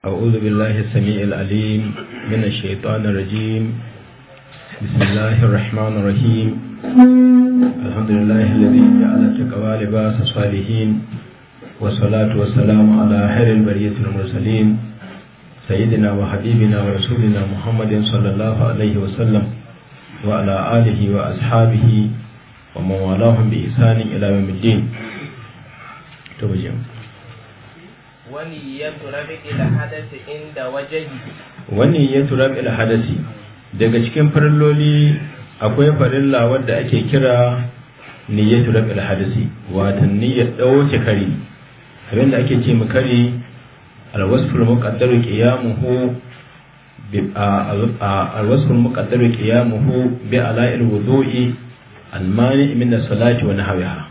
أعوذ بالله السميع العليم من الشيطان الرجيم بسم الله الرحمن الرحيم الحمد لله الذي جعل التقوى لباس الصالحين والصلاة والسلام على خير البرية المرسلين سيدنا وحبيبنا ورسولنا محمد صلى الله عليه وسلم وعلى آله وأصحابه ومن والاهم بإحسان إلى يوم الدين توجيه wani ya turab ila hadasi daga cikin farilloli akwai farilla wadda ake kira niyyatu rab ila hadasi watan niyyar dauke kari da ake ce mu kari alwasful muqaddaru qiyamuhu bi alwasful muqaddaru qiyamuhu bi ala'il wuzo'i almani min da salati wani hawa.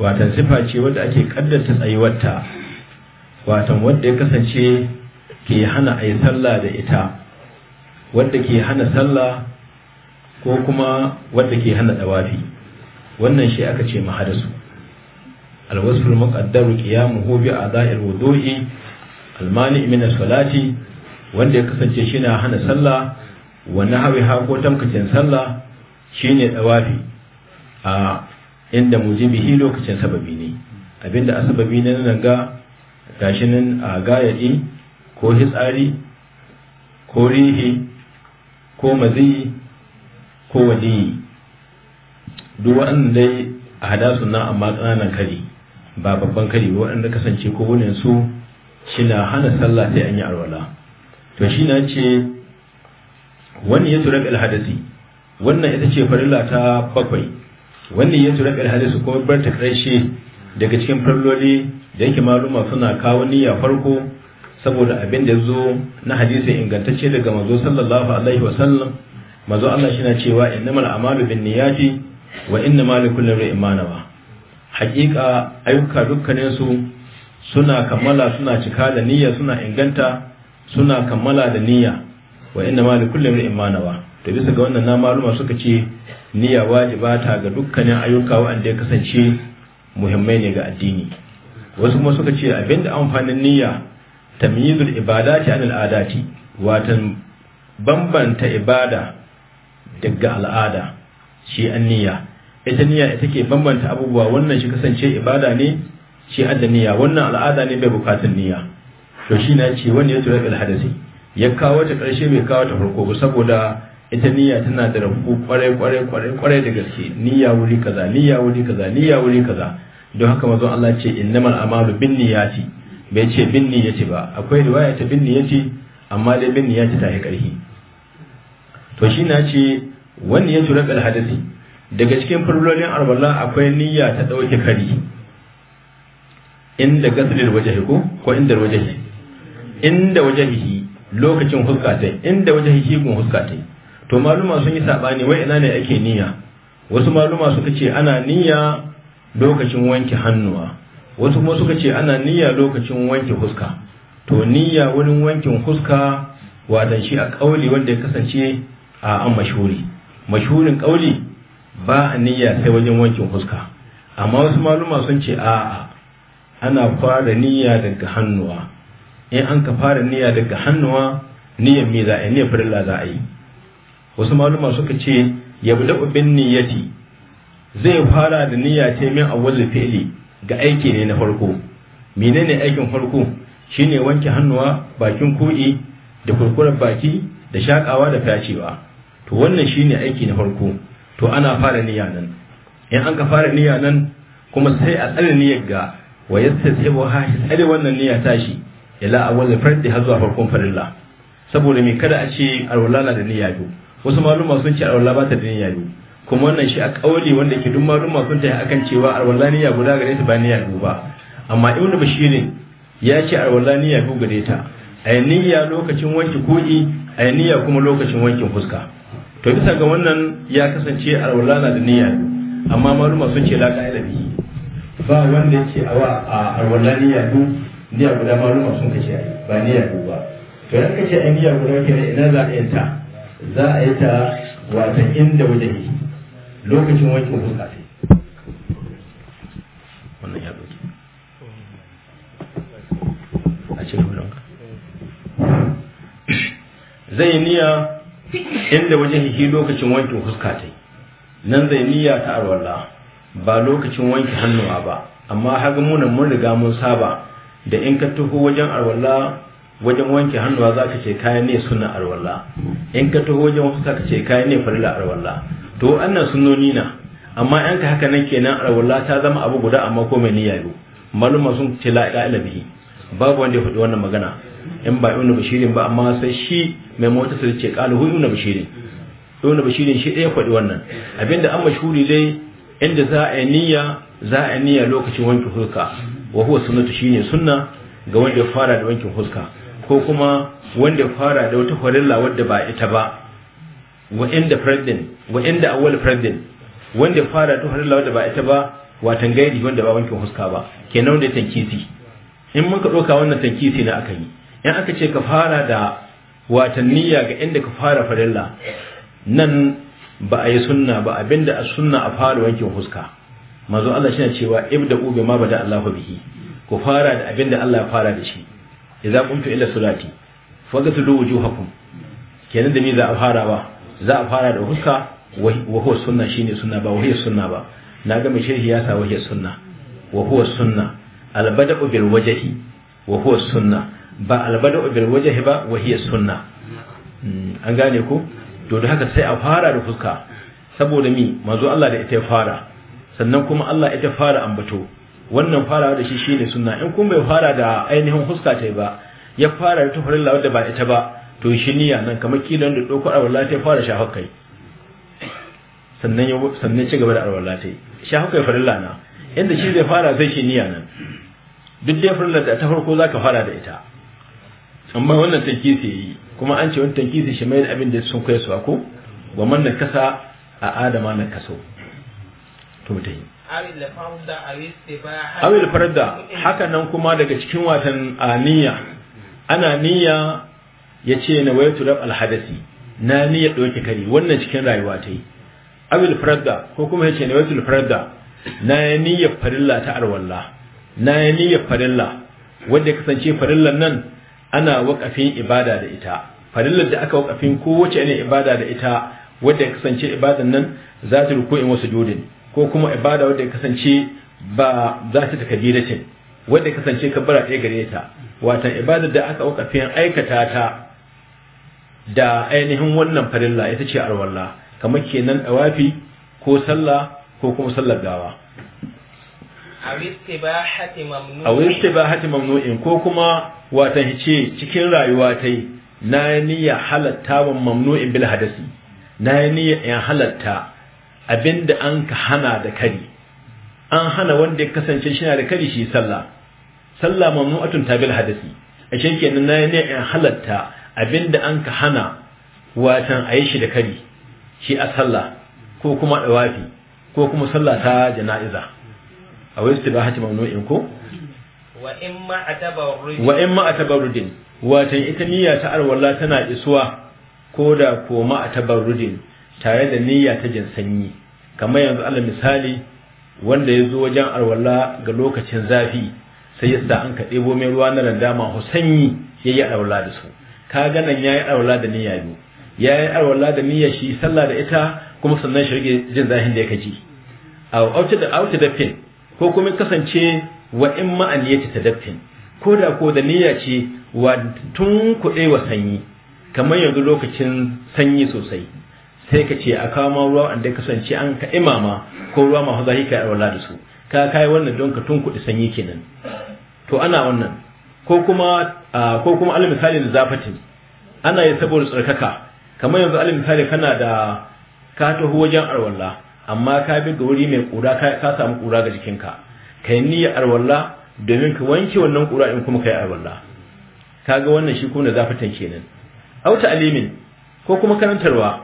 watan sifa ce wadda ake kaddata tsayuwarta watan wanda ya kasance ke hana a yi sallah da ita wanda ke hana sallah ko kuma wanda ke hana dawafi wannan shi aka ce mahadasu alwasful muqaddaru qiyamuhu bi adha'il wudu'i almani min salati wanda ya kasance shi na hana sallah wa nahwiha ko tamkacin sallah shine dawafi a inda mujibihi lokacin sababi ne abinda asababi ne nan ga gashi nan a gayaɗi ko hitsari ko rihi ko mazi ko wadiyi duk waɗanda dai a hada suna amma ƙananan kari ba babban kari ba waɗanda kasance ko wani su shi na hana sallah sai an yi alwala to shi na ce wani ya turak alhadisi wannan ita ce farilla ta bakwai wannan ya turak alhadisi kuma bar ta ƙarshe daga cikin farloli da yake maluma suna kawo niyya farko saboda abin da zo na hadisi ingantacce daga mazo sallallahu alaihi wa sallam mazo Allah shi na cewa innamal a'malu bin niyyati wa innamal likulli imrin ma nawa haƙiƙa ayyuka dukkanin su suna kammala suna cika da niyya suna inganta suna kammala da niyya wa innamal likulli imrin ma nawa to bisa ga wannan na maluma suka ce niyya wajiba ta ga dukkanin ayyuka wanda ya kasance muhimmai ne ga addini wasu kuma suka ce abinda amfanin niyya tamyizul ibadati anil adati watan bambanta ibada daga al'ada shi an niyya ita niyya ita ke bambanta abubuwa wannan shi kasance ibada ne shi adda niyya wannan al'ada ne bai bukatun niyya to shi na ce wanda ya tura hadasi ya kawo ta karshe bai kawo ta farko ba saboda ita niyya tana da rabu kwarai kwarai kwarai kwarai da gaske niyya wuri kaza niyya wuri kaza niyya wuri kaza don haka manzon Allah ce innamal amalu niyyati bai ce niyyati ba akwai riwaya ta niyyati amma dai niyyati ta yi karhi to shi na ce wani ya tura alhadisi daga cikin farlolin arbala akwai niyya ta dauke kari inda gasilin wajahi ko ko inda wajahi inda wajahi lokacin huska ta inda wajahi gun huska ta to maluma sun yi sabani wai ina ne ake niyya wasu maluma suka ce ana niyya lokacin wanke hannuwa wasu kuma suka ce ana niyya lokacin wanke huska to niyya wurin wankin huska wadan shi a kauli wanda ya kasance a an mashuri mashurin kauli ba a niyya sai wajen wankin huska amma wasu maluma sun ce a ana fara niyya daga hannuwa in an ka fara niyya daga hannuwa niyyar me za a yi niyyar za a yi wasu maluma suka ce yabda'u ubin niyyati zai fara da niyya ce min awwal fi'li ga aiki ne na farko menene aikin farko shine wanke hannuwa bakin kudi da kurkurar baki da shakawa da fashewa to wannan shine aiki na farko to ana fara niyya nan in an ka fara niyya nan kuma sai a tsare niyyar ga wa yastasibu ha tsare wannan niyya tashi ila awwal fardi har zuwa farkon farilla saboda me kada a ce alwala da niyya biyu wasu malama sun ce alwala ba ta da niyya kuma wannan shi a kawali wanda ke duk maluma sun yi akan cewa alwallaniya guda gare ta ba niyya biyu amma ibn bashirin ya ce alwallaniya biyu gare ta ai niyya lokacin wanke ko'i ai niyya kuma lokacin wankin fuska to bisa ga wannan ya kasance alwallana da niyya amma maluma sun ce la ka'ida bihi ba wanda yake wa a alwallaniya biyu niyya guda maluma sun kace ba niyya guba ba to yanka ce ai niyya guda kenan ina za a yi ta za a yi ta wata inda wajen lokacin wankin fuska sai wannan ya ɗauki a ce hulunka zai niyya inda wajen hiki lokacin wankin fuska ta nan zai niyya ta arwalla ba lokacin wanke hannuwa ba amma haka munan mun riga mun saba da in ka taho wajen arwalla wajen wanke hannuwa za ka ce kayan ne suna arwalla in ka taho wajen huska ka ce kayan ne farila arwalla to wannan sunnoni na amma an ka haka nan kenan rawalla ta zama abu guda amma ko mai niyya yau maluma sun ce la ilaha bihi babu wanda ya faɗi wannan magana in ba ibnu bashirin ba amma sai shi mai mota sai ce qalu ibnu bashirin ibnu bashirin shi ɗaya faɗi wannan abinda an mashhuri dai inda za a yi niyya za a yi niyya lokacin wankin huska wa huwa sunnatu shine sunna ga wanda ya fara da wankin huska ko kuma wanda ya fara da wata farilla wadda ba ita ba Wa'inda inda fardin wa inda awwal wanda fara to har lawa da ba ita ba watan gaidi wanda ba wankin huska ba kenan wanda tankisi in muka doka wannan tankisi na aka yi in aka ce ka fara da watan niyya ga inda ka fara farilla nan ba a yi sunna ba abinda a sunna a fara wankin huska manzo Allah shi cewa ibda'u bima bada Allahu bihi ku fara da abinda Allah ya fara da shi idza qumtu ila salati faghsilu wujuhakum kenan da ni za a fara ba za a fara da huska wa huwa sunna shine sunna ba wahiyar sunna ba na ga mai shirhi ya sa wahiyar sunna wa huwa sunna albada'u bil wajhi wa huwa sunna ba albada'u bil wajhi ba wahiyar sunna hmm, an gane ku to da haka sai a fara da hukka saboda mi manzo Allah da ita ya fara sannan kuma Allah ita fara ambato wannan farawa da shi shine sunna in kun bai fara da ainihin huska ta ba ya fara da tuhurin lawar da ba ita ba to shi niyya nan kamar kilon da ɗauko arwala ta fara shafakai. sannan ya ci gaba da arwala ta shafar kai farilla na inda shi zai fara sai shi niyya nan duk dai farilla da ta farko zaka fara da ita amma wannan tankisi yi kuma an ce wannan tankisi shi mai abin da sun kai suwa ko wa man na kasa a adama na kaso to da awil farda hakanan nan kuma daga cikin watan aniya ana niyya ya ce na waya rab alhadasi na ni ya ɗauke kari wannan cikin rayuwa ta yi Abin farada ko kuma ya ce na wayatu farada na ya ya farilla ta arwalla na ya ya farilla wanda ya kasance farillan nan ana wakafin ibada da ita farillar da aka wakafin wace ne ibada da ita wanda ya kasance ibadan nan za ta ruku in wasu jodin ko kuma ibada wanda ya kasance ba za ta takabiratin wanda ya kasance kabbara ɗaya gare ta watan ibadar da aka wakafin aikata ta da ainihin wannan farilla ita ce arwalla kamar kenan dawafi ko sallah ko kuma sallar gawa a wiste ba hati mamnu'in ko kuma watan hice cikin rayuwa ta yi na yi niyya halatta wa mamnu'in bil hadasi na yi niyya in halatta abinda an ka hana da kari an hana wanda ya kasance shi na da kari shi sallah sallah mamnu'atun ta bil hadasi a kenan na yi niyya in halatta abinda an ka hana watan a yi shi da kari shi a sallah ko kuma da wafi ko kuma sallah ta jana'iza a wai su ba ma nau'in ko wa in ma a rudin. watan ita niyya ta arwala tana isuwa ko da koma a rudin tare da niyya ta jin sanyi kamar yanzu ala misali wanda ya zo wajen arwala ga lokacin zafi sai yasa an ka ɗebo mai ruwa na randa ma sanyi ya yi arwala da su ka ga nan yayi arwala da niyya biyu yayi arwala da niyya shi sallah da ita kuma sannan shi rage jin zahin da yake ji a wuce da auta da fin ko kuma kasance wa in ma ta tadaffin ko da ko da niyya ce wa tun kuɗe wa sanyi kamar yanzu lokacin sanyi sosai sai ka ce a kawo ruwa wanda kasance an ka imama ko ruwa masu zahi ka arwala da su ka kai wannan don ka tun kuɗi sanyi kenan to ana wannan ko kuma ko kuma alal misali ana yi saboda tsarkaka kamar yanzu alal misali kana da ka wajen arwalla amma ka bi ga wuri mai kura ka samu kura ga jikinka ka yi niyyar arwalla domin ka wanke wannan kura in kuma ka yi arwalla kaga wannan shi kuma zafatan kenan auta alimin ko kuma karantarwa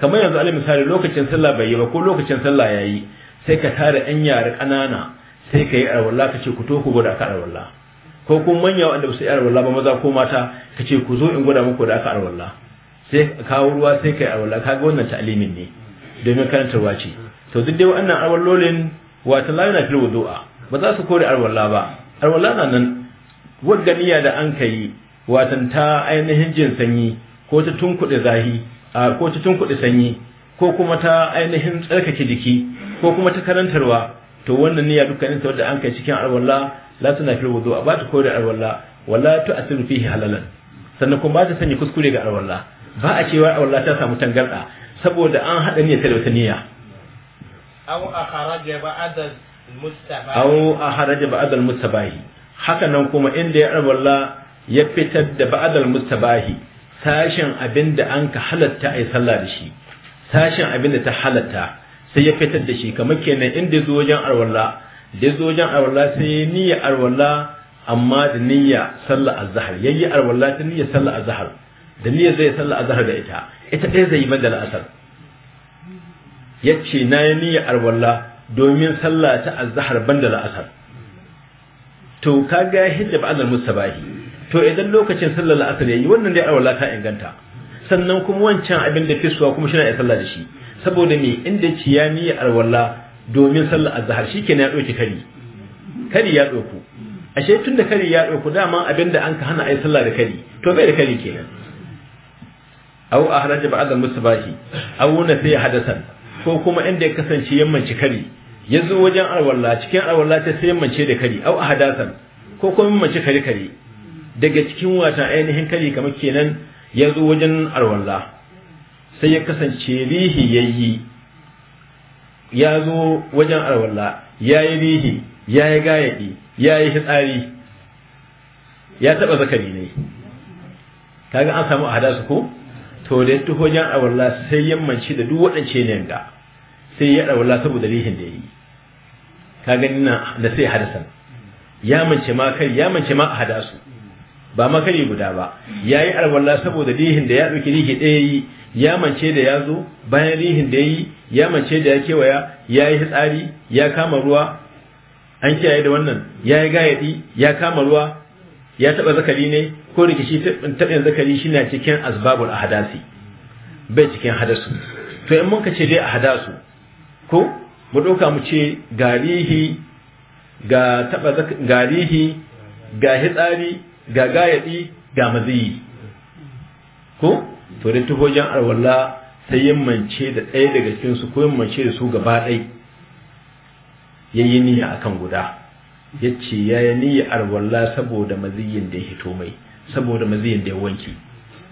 kamar yanzu alal misali lokacin sallah bai yi ba ko lokacin sallah yayi sai ka tara yan yara ƙanana sai ka yi arwalla ka ce ku to ku gwada ka arwalla ko kuma manya wanda ba su yi ba maza ko mata ka ce ku zo in gwada muku da aka arwalla sai kawo ruwa sai ka yi ka ga wannan ta'alimin ne domin karantarwa ce to duk dai wannan alwalolin wata la yana fil du'a ba za su kore alwala ba alwala na nan wadda niyya da an kai watan ta ainihin jin sanyi ko ta tunkuɗe zahi ko ta tunkuɗe sanyi ko kuma ta ainihin tsarkake jiki ko kuma ta karantarwa to wannan niyya dukkanin ta wadda an kai cikin alwala la tuna fil wudu ba ta koyar alwala wala ta asiru fihi halalan sannan kuma ba ta sanya kuskure ga alwala ba a cewa alwala ta samu tangarda saboda an hada niyyar da wata niyya aw akharaja ba'da al-mustabahi aw akharaja ba'da al-mustabahi haka nan kuma inda ya alwala ya fitar da ba'da al-mustabahi sashin abinda an ka halatta ai sallah da shi sashin abinda ta halatta sai ya fitar da shi kamar kenan inda ya zo wajen alwala da ya zo wajen arwala sai ya niyya arwala amma da niyya sallah azhar yayi arwala ta niyya sallah azhar da niyya zai sallah azhar da ita ita ɗaya zai yi asar la'asar yace na yi niyya arwala domin sallah ta azhar banda la'asar to kaga ba ba'al musabahi to idan lokacin sallar la'asar yayi wannan dai arwala ta inganta sannan kuma wancan abin da fiswa kuma shi na sallah da shi saboda me inda ciya niyyar arwala domin sallar azhar ke ya ɗauki kari kari ya ɗauku ashe tun da kari ya ɗauku dama abinda an ka hana ai sallah da kari to bai da kari kenan aw ahraja ba'da musbahi aw sai hadasan ko kuma inda ya kasance yammanci kari ya zo wajen alwala cikin alwala ta sai yammanci da kari aw ahdasan ko kuma yammanci kari kari daga cikin wata ainihin kari kamar kenan ya zo wajen alwala sai ya kasance rihi yayi ya zo wajen alwala ya yi rihi ya yi gayaɗi ya yi tsari, ya taɓa zakari ne kaga an samu a ko to da ya taho wajen alwala sai yammanci da duk waɗance ne ga sai ya alwala saboda rihin da ya yi kaga nina da sai hadasan ya mance ma kai ya mance ma a ba makari guda ba ya yi alwala saboda rihin da ya ɗauki rihi ɗaya yi ya mace da ya zo bayan rihin da ya yi ya mace da ya kewaya ya yi hitsari ya kama ruwa an kiyaye da wannan ya yi gayadi ya kama ruwa ya taɓa zakari ne ko rikici taɓin zakari shi na cikin asbabul ahadasi bai cikin hadasu to in mun ka ce dai ahadasu ko mu ɗauka mu ce garihi ga taɓa garihi ga hitsari ga gayadi ga maziyi ko to da tufojin alwala sai yammance da ɗaya daga cikin su ko mance da su gaba ɗai yi niyya kan guda ya ce ya yi niyya alwala saboda maziyin da ya hito mai saboda maziyin da ya wanki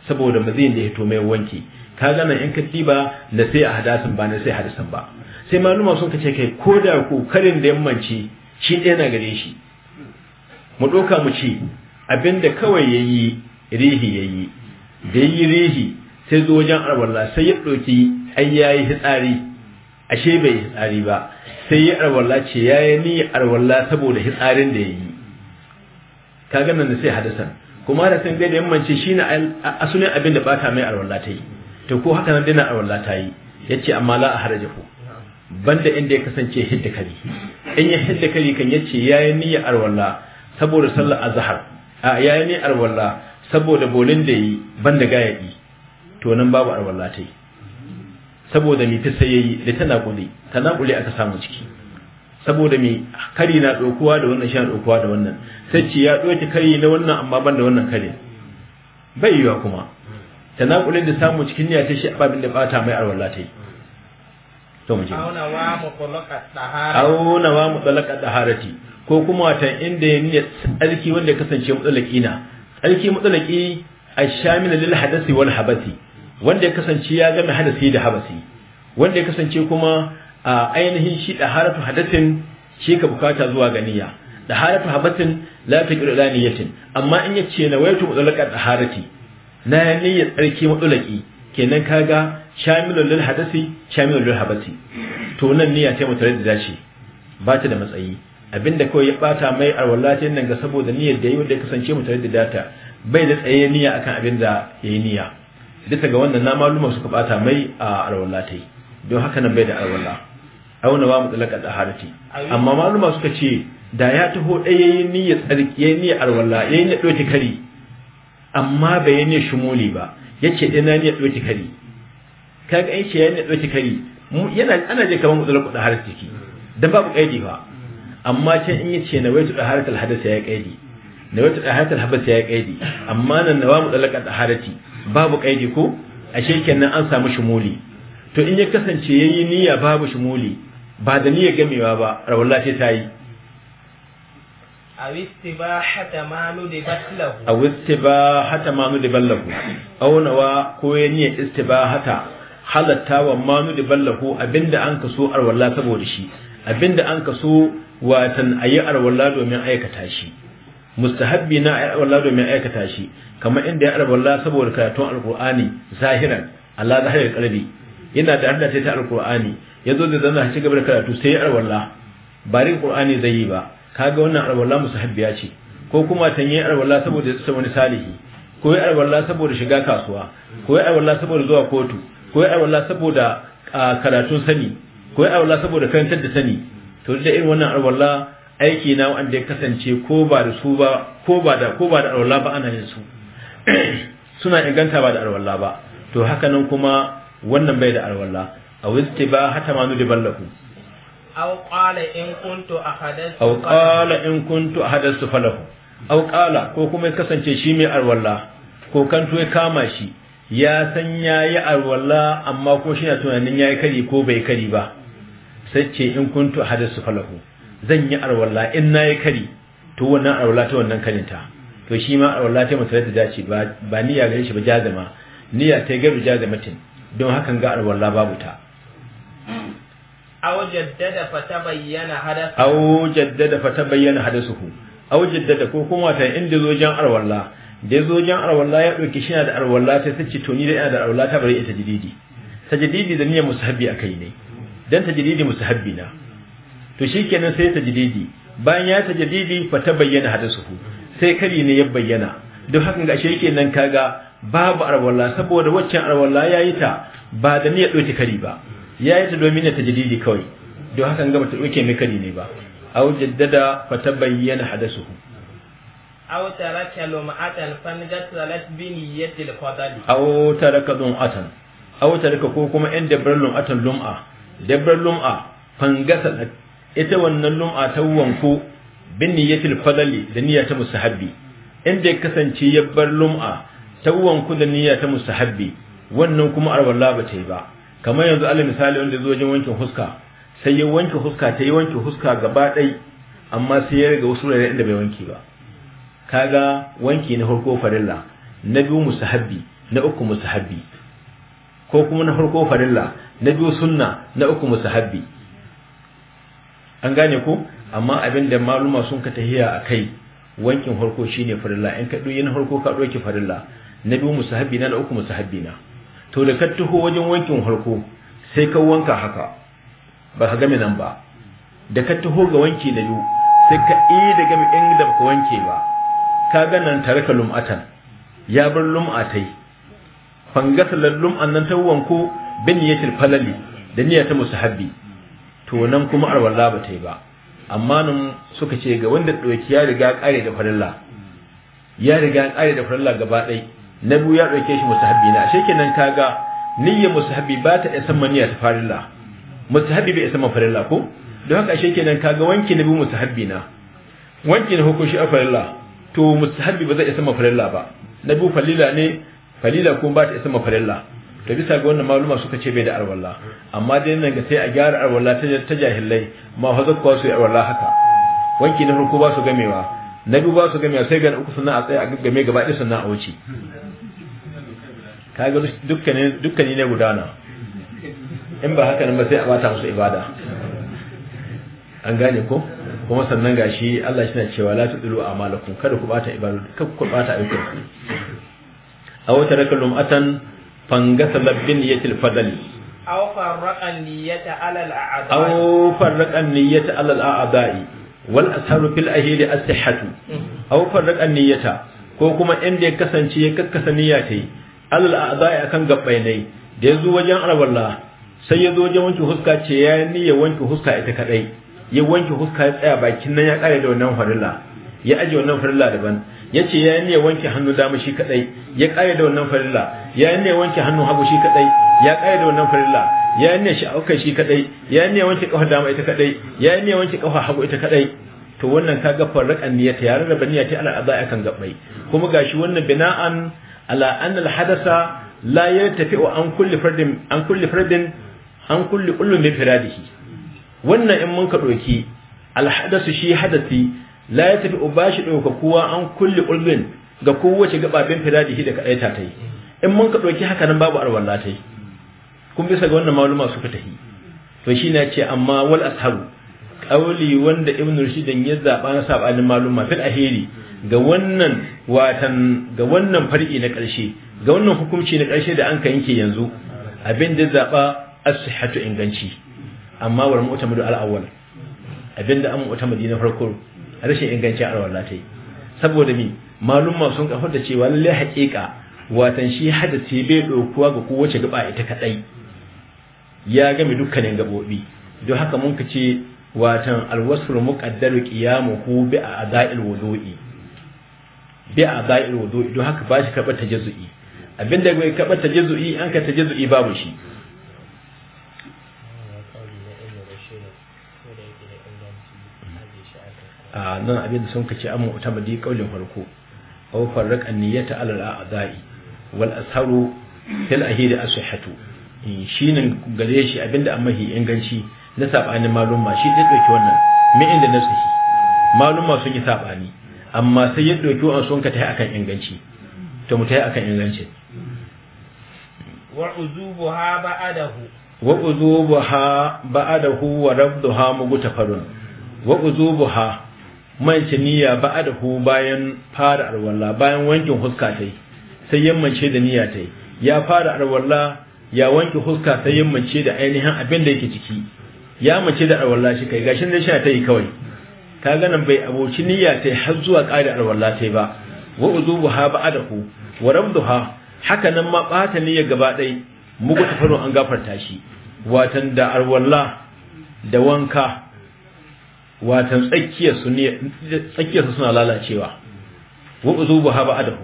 saboda maziyin da ya hito mai wanki ka gana in ka ba na sai a hadasin ba na sai hadasin ba sai maluma sun kace kai ko da ku, karin da mance shi ɗaya na gare shi mu ɗauka mu ce abinda kawai ya yi, rihi ya yi. da yi rihi sai zo wajen arwalla sai ya ɗauki an yayi hitsari ashe bai hitsari ba sai ya arwalla ce ya yi ni arwalla saboda hitsarin da ya yi ka ganin da sai hadasan kuma da sun gaida yammanci shi na asulin abin da bata mai arwalla ta yi to ko haka nan dina arwalla ta yi ya ce amma la a harajahu banda inda ya kasance hidda kari in ya hidda kari kan ya ce ya yi niyyar arwalla saboda sallar azhar a ya yi niyyar arwalla saboda bolin da yi ban da gaya yi to nan babu arwalla ta yi saboda mi ta sai yi da tana kuli tana kuli aka samu ciki saboda mi kari na ɗaukuwa da wannan shan ɗaukuwa da wannan sai ce ya ɗauki kari na wannan amma ban da wannan kari bai yiwa kuma tana kulin da samu cikin niyya ta shi abin da bata mai arwalla ta yi to mu je auna wa mutlaqat taharati ko kuma ta inda ya niyya tsarki wanda ya kasance mutlaqi na Tsarki matsalaki a Shamina lil hadasi wal habasi wanda ya kasance ya gama hadasi da habasi wanda ya kasance kuma a ainihin shi da haratu hadasin shi ka bukata zuwa ga ganiya da haratu habasin la taqiru la niyatin amma in yace na wayatu matsalaka da harati na niyya tsarki matsalaki kenan kaga shamilul lil hadasi shamilul lil habasi to nan niyya ta mutare da dace ba ta da matsayi abinda kawai ya bata mai alwallatin nan ga saboda niyyar da yi wanda ya kasance mu tare da data bai da tsaye niyya akan abin da ya yi niyya Duk ga wannan na maluma suka bata mai a alwallatai don haka nan bai da alwalla auna wa mutlaqat taharati amma maluma suka ce da ya taho ɗaya yi niyya tsarki yi niyya alwalla yi niyya ɗauki kari amma bai yi niyya shumuli ba Ya ce ɗaya na niyya ɗauki kari kaga ai ce yi niyya ɗauki kari yana ana je kamar mutlaqat taharati dan babu kaidi fa amma can in yi ce na wai tuɗa harata alhadasa ya Na wai tuɗa harata alhadasa ya ƙaidi amma nan nawamu ta harati babu ƙaidi ko ashe kenan an samu shimuli. to in ya kasance ya yi niyya babu shimuli? ba da niyya gamewa ba rawar ce ta yi أو استباحة ما ندبت له أو استباحة ما ندبت له أو نوا كويني استباحة halatta wa manu da ballahu abinda an kaso arwalla saboda shi abinda an kaso watan ayi arwalla domin aikata shi mustahabbi na ayi arwalla domin aikata shi kamar inda ya arwalla saboda karatun alqur'ani zahiran Allah zahir qalbi yana da harda ta alqur'ani yazo da zanna ci gaba da karatu sai ya arwalla ba rin qur'ani zai yi ba kaga wannan arwalla mustahabbiya ce ko kuma yi arwalla saboda ya wani salihi ko ya arwalla saboda shiga kasuwa ko ya arwalla saboda zuwa kotu ko ya arwalla saboda ah, karatun sani ko ya arwalla saboda karantar da sani to da irin wannan alwala aiki na wanda ya kasance ko ba da su ba ko ba da ko ba da alwala ba ana yin su suna inganta ba da alwala ba to haka nan kuma wannan bai da alwala a wuce ba hata manu da ballaku aw qala in kuntu ahadathu aw qala in kuntu ahadathu falahu aw qala ko kuma ya kasance shi mai alwala ko kanto ya kama shi ya san yayi alwala amma ko shi na tunanin yayi kari ko bai kari ba sai ce in kuntu hadasu falahu zan yi arwalla in na yi kari to wannan arwalla ta wannan ta to shi ma arwalla ta musulai ta dace ba niyya gare shi ba jazama niyya ta garu jazamatin don hakan ga arwalla babu ta aw jaddada tabayyana hadasu aw jaddada tabayyana hadasuhu aw jaddada ko kuma ta inda zo jan arwalla da zo jan arwalla ya dauki shi na da arwalla ta sace to ni da ina da arwalla ta bari ita jididi sajididi da niyyar musahabi akai ne dan tajridi musahabbina na to shikenan sai tajridi bayan ya tajridi fa ta bayyana hadasuhu sai kari ne ya bayyana duk hakan ga shi kenan kaga babu arwalla saboda waccan arwalla yayi ta ba da niyyar doki kari ba yayi ta domin ta tajridi kawai duk hakan ga bata doke mai kari ne ba aw jaddada fa ta bayyana hadasuhu aw taraka lum'atan fanjatalat bi niyyati al-qadali aw taraka atan aw taraka ko kuma inda bar atan lum'a dabbar lum'a fangasa ita wannan lum'a ta wanko bin niyyatil fadali da niyya ta musahabbi inda ya kasance ya lum'a ta wanko da niyya ta musahabbi wannan kuma arwalla ba ta yi ba kamar yanzu alal misali wanda zo wajen wankin huska sai ya wanke huska ta yi wanke huska gaba ɗai amma sai ya riga wasu da inda bai wanke ba kaga wanki na farko farilla na biyu musahabbi na uku musahabbi ko kuma na farko farilla na biyu sunna na uku musahabbi an gane ku? amma abin da maluma sun ka tahiya a kai wankin farko shine farilla in ka ɗoyi na farko ka ɗoki farilla na biyu musahabbi na na uku musahabbi na to da ka taho wajen wankin farko sai ka wanka haka ba ka game nan ba da ka taho ga wanki na biyu sai ka iya da gami in da ka wanke ba ka ga nan tare ka lum'atan ya bar lum'atai fangasa lallum annan wanko bin niyatil falali da niyya ta Habbi. to nan kuma arwalla ba ta yi ba amma nan suka ce ga wanda ɗauki ya riga ƙare da farilla ya riga ƙare da farilla gaba ɗai na biyu ya ɗauke shi musahabbi na ashe kenan kaga niyyar Habbi ba ta isa niyya ta farilla Habbi bai isa farilla ko don haka ashe kenan kaga wanki na biyu Habbi na wanki na hukunci a farilla to Habbi ba zai isa farilla ba na biyu falila ne falila kuma ba ta isa mafarilla ta bisa ga wannan maluma suka ce bai da arwalla amma dai nan ga sai a gyara arwalla ta jahilai ma fa zakkuwa su yi arwalla haka wanki na farko ba su gamewa na biyu ba su gamewa sai ga uku sannan a tsaya a gaggame gaba ɗaya sannan a wuce kaga dukkanin ne gudana in ba haka nan ba sai a bata musu ibada an gane ko kuma sannan gashi Allah shi na cewa la tudilu amalakum kada ku bata ibadu kada ku bata ayyukanku a wata raka lumatan fangasa labbin ya tilfadali aw farraqa niyyata ala al a'dai wal asharu fil ahli as-sihhatu aw farraqa niyyata ko kuma inda ya kasance ya kakkasa niyya ta yi alal a'dai akan gabbainai da yazo wajen arwalla sai yazo wajen wanke huska ce ya niyya wanke huska ita kadai ya wanke huska ya tsaya bakin nan ya kare da wannan farilla ya aje wannan farilla daban ya ce ya ne wanke hannu dama shi kadai ya kare da wannan farilla ya ne wanke hannu hagu shi kadai ya kare da wannan farilla ya ne shi auka shi kadai ya ne wanke kafa dama ita kadai ya ne wanke kafa hagu ita kadai to wannan ka ga niyya niyyata yare da baniya ta ala azai kan gabbai kuma gashi wannan bina'an ala an al hadasa la yartafi'u an kulli fardin an kulli fardin an kulli kullu min firadihi wannan in mun ka doki al hadasu shi hadasi la ya tafi ubashi ɗauka kowa an kulle ulbin ga kowace gababin shi da kaɗai ta yi in mun ka ɗauki haka nan babu arwalla ta kun bisa ga wannan maluma suka tahi to shi na ce amma wal ashabu ƙauli wanda ibnu rushidan ya zaɓa na saɓanin maluma fil ahiri ga wannan watan ga wannan far'i na ƙarshe ga wannan hukunci na ƙarshe da an ka yanke yanzu abin da zaɓa as inganci amma wal mu'tamadu al-awwal abin da an mu'tamadi na farko rashin inganci a rawar latai saboda mi malumma sun kafar da cewa lallai haƙiƙa watan shi hada hadasi bai ɗaukuwa ga kowace gaba ita kaɗai ya gami dukkanin gaɓoɓi don haka mun ka ce watan alwasul muqaddaru qiyamuhu bi a'da'il wudu'i bi a'da'il wudu'i don haka ba shi karɓar tajazzu'i abinda mai karɓar tajazzu'i an ka tajazzu'i babu shi a nan abin da sun kace an mu'ta badi kaulin farko aw farraq an-niyyata ala al-a'dha'i wal asharu fil ahidi as-sihhatu eh, shine gare shi abinda an mahi inganci na sabanin malumma shi da dauki wannan me inda na nasihi malumma sun yi sabani amma sai ya dauki wannan sun ka tai akan inganci to mu tai akan inganci wa uzubuha ba'adahu wa uzubuha ba'adahu wa rabduha mugutafarun wa uzubuha mance niyya ba a dahu bayan fara arwalla bayan wankin huska ta yi sai yammace da niyya ta yi ya fara arwalla ya wanke huska sai yammace da ainihin abin da yake ciki ya mace da arwalla shi kai gashin da sha ta yi kawai ka ganin bai aboci niyya ta yi har zuwa ƙari arwalla ta yi ba wa uzubu ha ba adahu wa ha haka nan ma ɓata niyya gaba ɗai mugu tafarin an gafarta shi watan da arwalla da wanka watan tsakiyarsu ne suna lalacewa wa uzubu haba adahu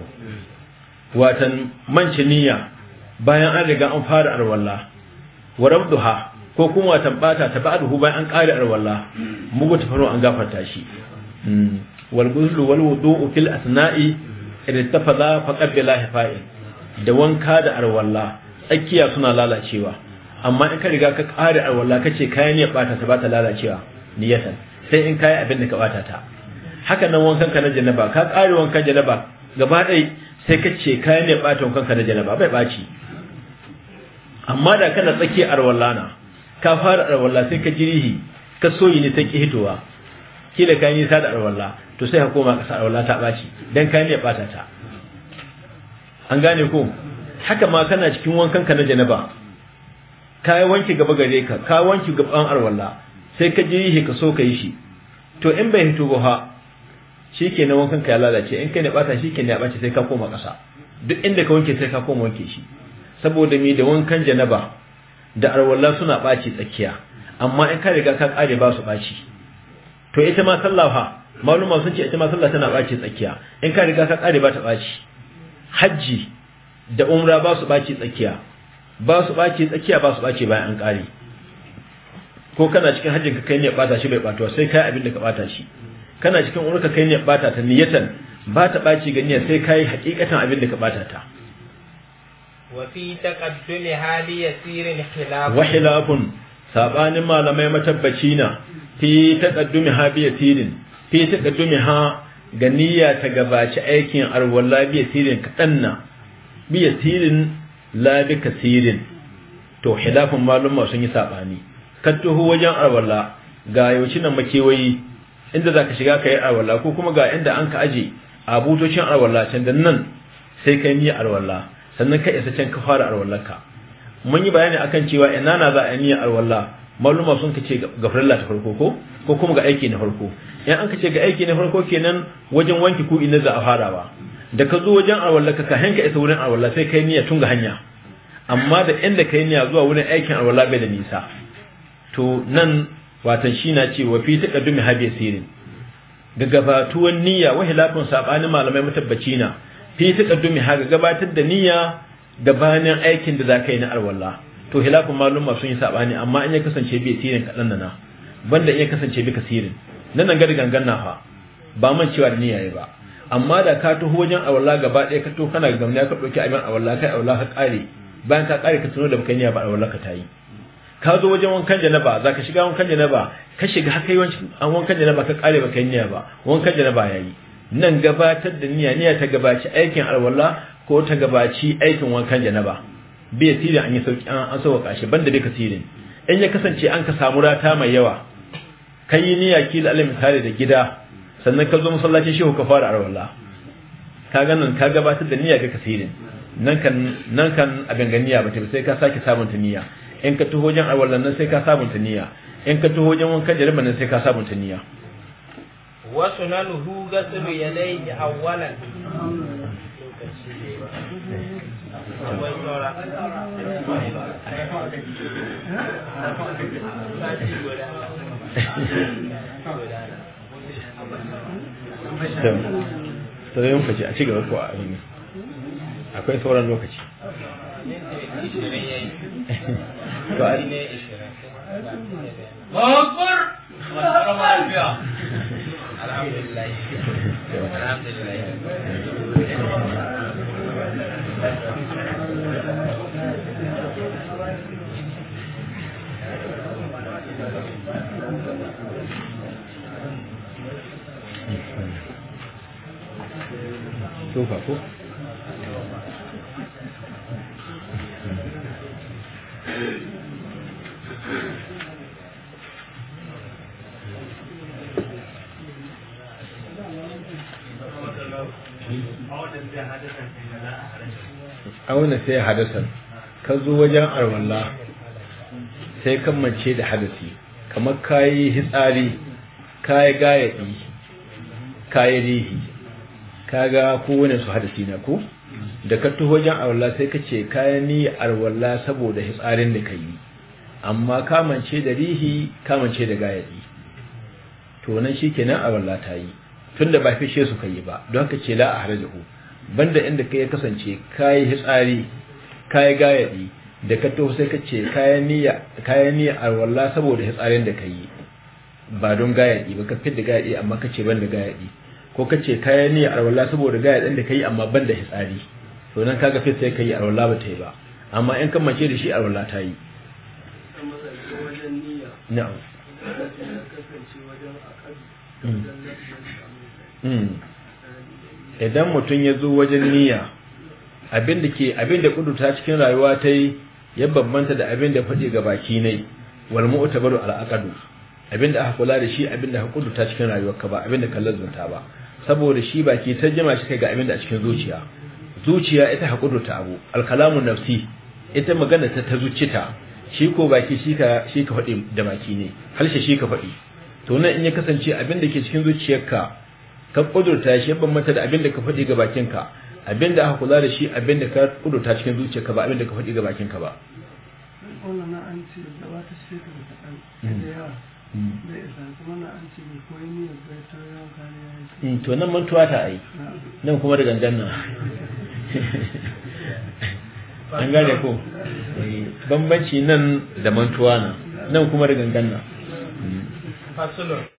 watan manci niyya bayan an riga an fara arwalla wa rabduha ko kuma watan bata ta ba'duhu bayan an kare arwalla mugu ta faro an gafarta shi hmm. wal guzlu wal wudu fil asna'i idan tafada faqad billahi da wanka da arwalla tsakiya suna lalacewa amma in ka riga ka kare arwalla kace kayan ya bata ta bata lalacewa niyatan sai in kayi abin da ka bata ta haka nan wankan ka na janaba ka kare wankan janaba gaba dai sai ka ce kayan ne bata wankan ka na janaba bai baci amma da kana tsakiyar arwallana ka fara arwalla sai ka jirihi ka soyi ne ta ki hitowa kila kayan nisa da arwalla to sai ka koma ƙasa arwalla ta baci dan kayan ne bata ta an gane ko haka ma kana cikin wankan ka na janaba ka wanki gaba gare ka ka wanki gaban arwalla sai ka ji shi ka so ka yi shi to in bai hito ba shi ke nan wankan ka ya lalace in kai ne bata shi ke ne ya bace sai ka koma ƙasa duk inda ka wanke sai ka koma wanke shi saboda mi da wankan janaba da arwalla suna ɓaci tsakiya amma in ka riga ka ƙare ba su ɓaci to ita ma sallah fa maluma sun ce ita ma sallah tana ɓaci tsakiya in ka riga ka ƙare ba ta ɓaci hajji da umra ba su ɓaci tsakiya ba su ɓaci tsakiya ba su ɓaci bayan an ƙare ko kana cikin hajjin ka kai ne bata shi bai wa, sai kai abin da ka bata shi kana cikin ka kai ne bata ta niyatan ba ta baci ga niyyar sai kai hakikatan abin da ka bata ta wa fi taqaddumi hali yasirin khilaf wa khilafun sabanin malamai matabbaci na fi taqaddumi hali yasirin fi taqaddumi ha ga niyya ta gabaci aikin arwalla bi yasirin kadan na bi yasirin la bi kasirin to khilafun ma sun yi sabani ka taho wajen al'walla ga yauci nan makewayi inda za ka shiga ka yi arwala ko kuma ga inda an ka aje a butocin can da nan sai ka yi arwala sannan ka isa can ka fara arwalarka mun yi bayani akan cewa ina na za a yi arwala maluma sun ka ce ga farilla ta farko ko ko kuma ga aiki na farko in an ka ce ga aiki na farko kenan wajen wanki ko ina za a fara ba da ka zo wajen arwallarka ka hanka isa wurin arwallar sai kai niyya tun ga hanya amma da inda kai niyya zuwa wurin aikin al'walla bai da nisa to nan watan shi na ce wa fi dumi habi sirin ga gabatuwan niyya wa lafin sabanin malamai matabbaci na fi taqaddumi ha ga gabatar da niyya gabanin aikin da zaka yi na alwallah to hilafin malum sun yi sabani amma in ya kasance bai sirin ka da na banda in ya kasance bi kasirin nan nan ga gangan na fa ba man cewa da niyya ba amma da ka taho wajen awalla gaba ɗaya ka to kana gamna ka ɗauki abin awalla kai awalla ka ƙare bayan ka ƙare ka tuno da baka niyya ba alwallah ka tayi ka zo wajen wankan janaba za ka shiga wankan janaba ka shiga haka yi wankan janaba ka kare baka yi niyya ba wankan janaba ya yi nan gabatar da niyya niyya ta gabaci aikin alwala ko ta gabaci aikin wankan janaba bai sirri an yi sauki an sauka shi banda bai ka sirri in ya kasance an ka samu rata mai yawa ka yi niyya kila alim tare da gida sannan ka zo masallacin shehu ka fara alwala ka ga nan ka gabatar da niyya ga kasirin nan kan nan kan abin ganiya ba sai ka sake sabunta niyya in ka taho wajen awallan nan sai ka sabunta niyya in ka taho wajen wanka jarima nan sai ka sabunta niyya wasu na nuhu ga tsuru ya dai awwalan Sai a cigaba ko a akwai sauran lokaci. اكبر الحمد لله الحمد لله شوف اخوه auna sai hadasan ka zo wajen arwalla sai kan mace da hadasi kamar kayi hitsari kayi gayaɗi kayi rihi ka kaga kowane su hadasi na ku. da ka tuho wajen alwala sai ka ce kayan ni alwala saboda hitsarin da ka yi amma kamance da rihi kamance da gayadi to nan shi kenan alwala ta yi tun da ba fishe su ka yi ba don haka ce la a harajahu banda inda ka ya kasance kayi hitsari kayi gayadi da ka tuho sai ka ce kayan ni alwala saboda hitsarin da ka yi ba don gayadi ba ka fidda gayadi amma ka ce banda gayadi ko ka ce kayan ni alwala saboda gayadin da ka yi amma banda hitsari to nan kaga fit sai kai alwala ba ta yi ba amma in kan mace da shi alwala ta yi mm. idan mutum ya zo wajen niyya abinda ke abinda kuduta cikin rayuwa ta yi ya bambanta da abinda faɗi ga baki ne wal mu'tabaru al aqdu abinda aka kula da shi abinda aka kuduta cikin rayuwarka ba abinda kallon lazzanta ba saboda shi baki ta jima shi kai ga abinda a cikin zuciya zuciya ita ta abu alkalamun nafsi ita magana ta ta ta shi ko baki shi ka shi ka faɗi da baki ne harshe shi ka faɗi to nan in ya kasance abin da ke cikin zuciyarka ka ƙudurta shi ban mata da abin da ka faɗi ga bakinka abin da aka kula da shi abin da ka ƙudurta cikin zuciyarka ba abin da ka faɗi ga bakinka ba to nan mantuwa ta ai nan kuma da gangan nan an gane ko eh, bambanci nan da mantuwa nan nan kuma da gangan hmm.